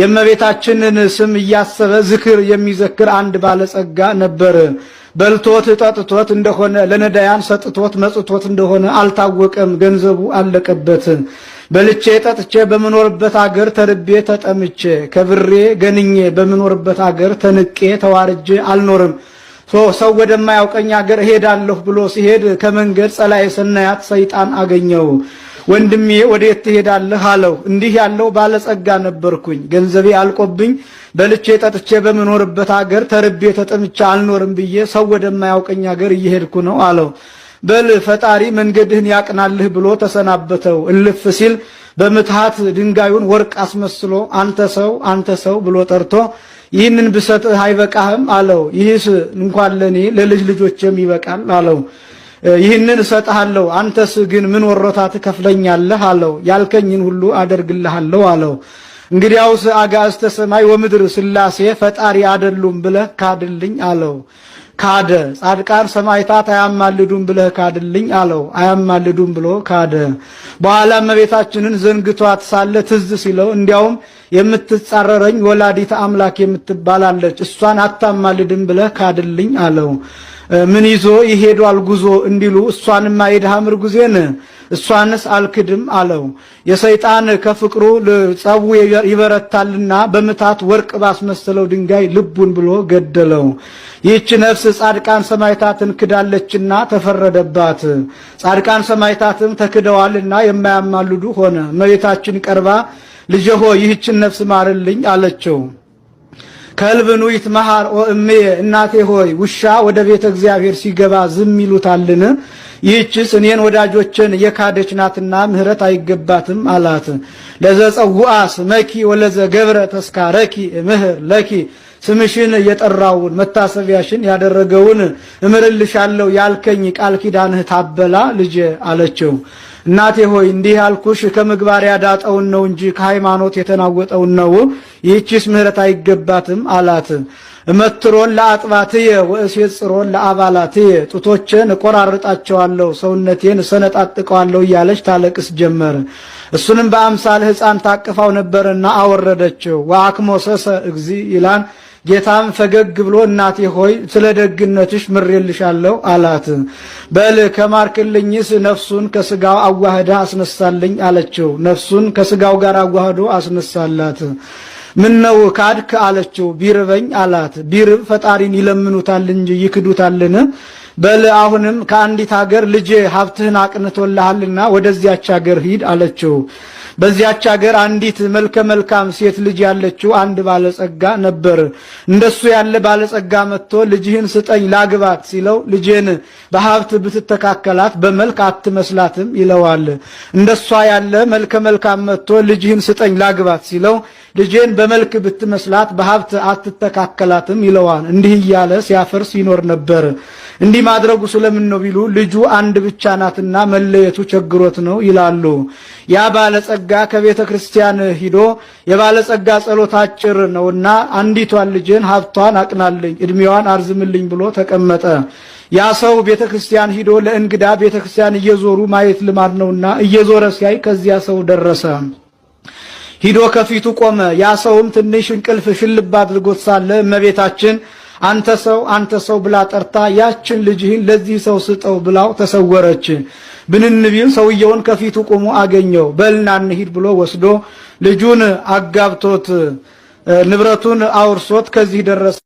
የእመቤታችንን ስም እያሰበ ዝክር የሚዘክር አንድ ባለጸጋ ነበር። በልቶት ጠጥቶት እንደሆነ ለነዳያን ሰጥቶት መጽቶት እንደሆነ አልታወቀም። ገንዘቡ አለቀበት። በልቼ ጠጥቼ በምኖርበት አገር ተርቤ ተጠምቼ ከብሬ ገንኜ በምኖርበት አገር ተንቄ ተዋርጄ አልኖርም ሰው ወደማያውቀኝ አገር እሄዳለሁ ብሎ ሲሄድ ከመንገድ ጸላኤ ሰናያት ሰይጣን አገኘው። ወንድሜ ወዴት ትሄዳለህ አለው። እንዲህ ያለው ባለጸጋ ነበርኩኝ፣ ገንዘቤ አልቆብኝ በልቼ ጠጥቼ በምኖርበት አገር ተርቤ ተጠምቼ አልኖርም ብዬ ሰው ወደማያውቀኝ አገር እየሄድኩ ነው አለው። በል ፈጣሪ መንገድህን ያቅናልህ ብሎ ተሰናበተው። እልፍ ሲል በምትሃት ድንጋዩን ወርቅ አስመስሎ አንተ ሰው አንተ ሰው ብሎ ጠርቶ ይህንን ብሰጥህ አይበቃህም አለው። ይህስ እንኳን ለእኔ ለልጅ ልጆችም ይበቃል አለው። ይህንን እሰጥሃለሁ፣ አንተስ ግን ምን ወሮታ ትከፍለኛለህ አለው። ያልከኝን ሁሉ አደርግልሃለሁ አለው። እንግዲያውስ አጋዕዝተ ሰማይ ወምድር ሥላሴ ፈጣሪ አይደሉም ብለህ ካድልኝ አለው። ካደ። ጻድቃን ሰማዕታት አያማልዱም ብለህ ካድልኝ አለው። አያማልዱም ብሎ ካደ። በኋላ እመቤታችንን ዘንግቷት ሳለ ትዝ ሲለው እንዲያውም የምትጻረረኝ ወላዲት አምላክ የምትባላለች እሷን አታማልድም ብለህ ካድልኝ አለው። ምን ይዞ ይሄዷል ጉዞ እንዲሉ እሷንማ የድሃ ምርጉዜን እሷንስ አልክድም አለው። የሰይጣን ከፍቅሩ ጸቡ ይበረታልና በምታት ወርቅ ባስመሰለው ድንጋይ ልቡን ብሎ ገደለው። ይህች ነፍስ ጻድቃን ሰማይታትን ክዳለችና ተፈረደባት። ጻድቃን ሰማይታትም ተክደዋልና የማያማልዱ ሆነ። መቤታችን ቀርባ ልጅ ሆይ ይህችን ነፍስ ማርልኝ አለችው። ከልብኑ ይትመሃር ወእሜ እናቴ ሆይ ውሻ ወደ ቤተ እግዚአብሔር ሲገባ ዝም ይሉታልን? ይህችስ እኔን ወዳጆችን የካደች ናትና ምሕረት አይገባትም አላት። ለዘጸውአስ መኪ ወለዘ ገብረ ተስካረኪ ምህር ለኪ ስምሽን የጠራውን መታሰቢያሽን ያደረገውን እምርልሻለሁ ያልከኝ ቃል ኪዳንህ ታበላ ልጄ አለችው። እናቴ ሆይ እንዲህ ያልኩሽ ከምግባር ያዳጠውን ነው እንጂ ከሃይማኖት የተናወጠውን ነው። ይህቺስ ምሕረት አይገባትም አላት። እመትሮን ለአጥባትየ ወእሴጽሮን ለአባላትየ፣ ጡቶቼን እቆራርጣቸዋለሁ፣ ሰውነቴን እሰነጣጥቀዋለሁ እያለች ታለቅስ ጀመር። እሱንም በአምሳል ሕፃን ታቅፋው ነበርና አወረደችው። ወአክሞሰሰ እግዚእ ይላን ጌታም ፈገግ ብሎ እናቴ ሆይ ስለ ደግነትሽ ምሬልሻለሁ አላት። በል ከማርክልኝስ ነፍሱን ከስጋው አዋህዳ አስነሳልኝ አለችው። ነፍሱን ከስጋው ጋር አዋህዶ አስነሳላት። ነው ካድክ አለችው። ቢርበኝ አላት። ቢርብ ፈጣሪን ይለምኑታል እንጂ ይክዱታልን? በል አሁንም ከአንዲት ሀገር ልጅ ሀብትህን አቅንቶልሃልና ወደዚያች ሀገር ሂድ አለችው። በዚያች ሀገር አንዲት መልከ መልካም ሴት ልጅ ያለችው አንድ ባለጸጋ ነበር። እንደሱ ያለ ባለጸጋ መጥቶ ልጅህን ስጠኝ ላግባት ሲለው ልጄን በሀብት ብትተካከላት በመልክ አትመስላትም ይለዋል። እንደሷ ያለ መልከ መልካም መጥቶ ልጅህን ስጠኝ ላግባት ሲለው ልጄን በመልክ ብትመስላት በሀብት አትተካከላትም ይለዋል። እንዲህ እያለ ሲያፈርስ ይኖር ነበር። እንዲህ ማድረጉ ስለምን ነው ቢሉ ልጁ አንድ ብቻ ናትና መለየቱ ቸግሮት ነው ይላሉ። ያ ባለጸጋ ከቤተ ክርስቲያን ሂዶ የባለጸጋ ጸሎት አጭር ነውና አንዲቷን ልጄን ሀብቷን አቅናልኝ፣ እድሜዋን አርዝምልኝ ብሎ ተቀመጠ። ያ ሰው ቤተ ክርስቲያን ሂዶ ለእንግዳ ቤተ ክርስቲያን እየዞሩ ማየት ልማድ ነውና እየዞረ ሲያይ ከዚያ ሰው ደረሰ። ሂዶ ከፊቱ ቆመ። ያ ሰውም ትንሽ እንቅልፍ ሽልብ አድርጎት ሳለ እመቤታችን አንተ ሰው አንተ ሰው ብላ ጠርታ ያችን ልጅህን ለዚህ ሰው ስጠው ብላው ተሰወረች። ብንንቢል ሰውየውን ከፊቱ ቆሞ አገኘው። በልና እንሂድ ብሎ ወስዶ ልጁን አጋብቶት ንብረቱን አውርሶት ከዚህ ደረሰ።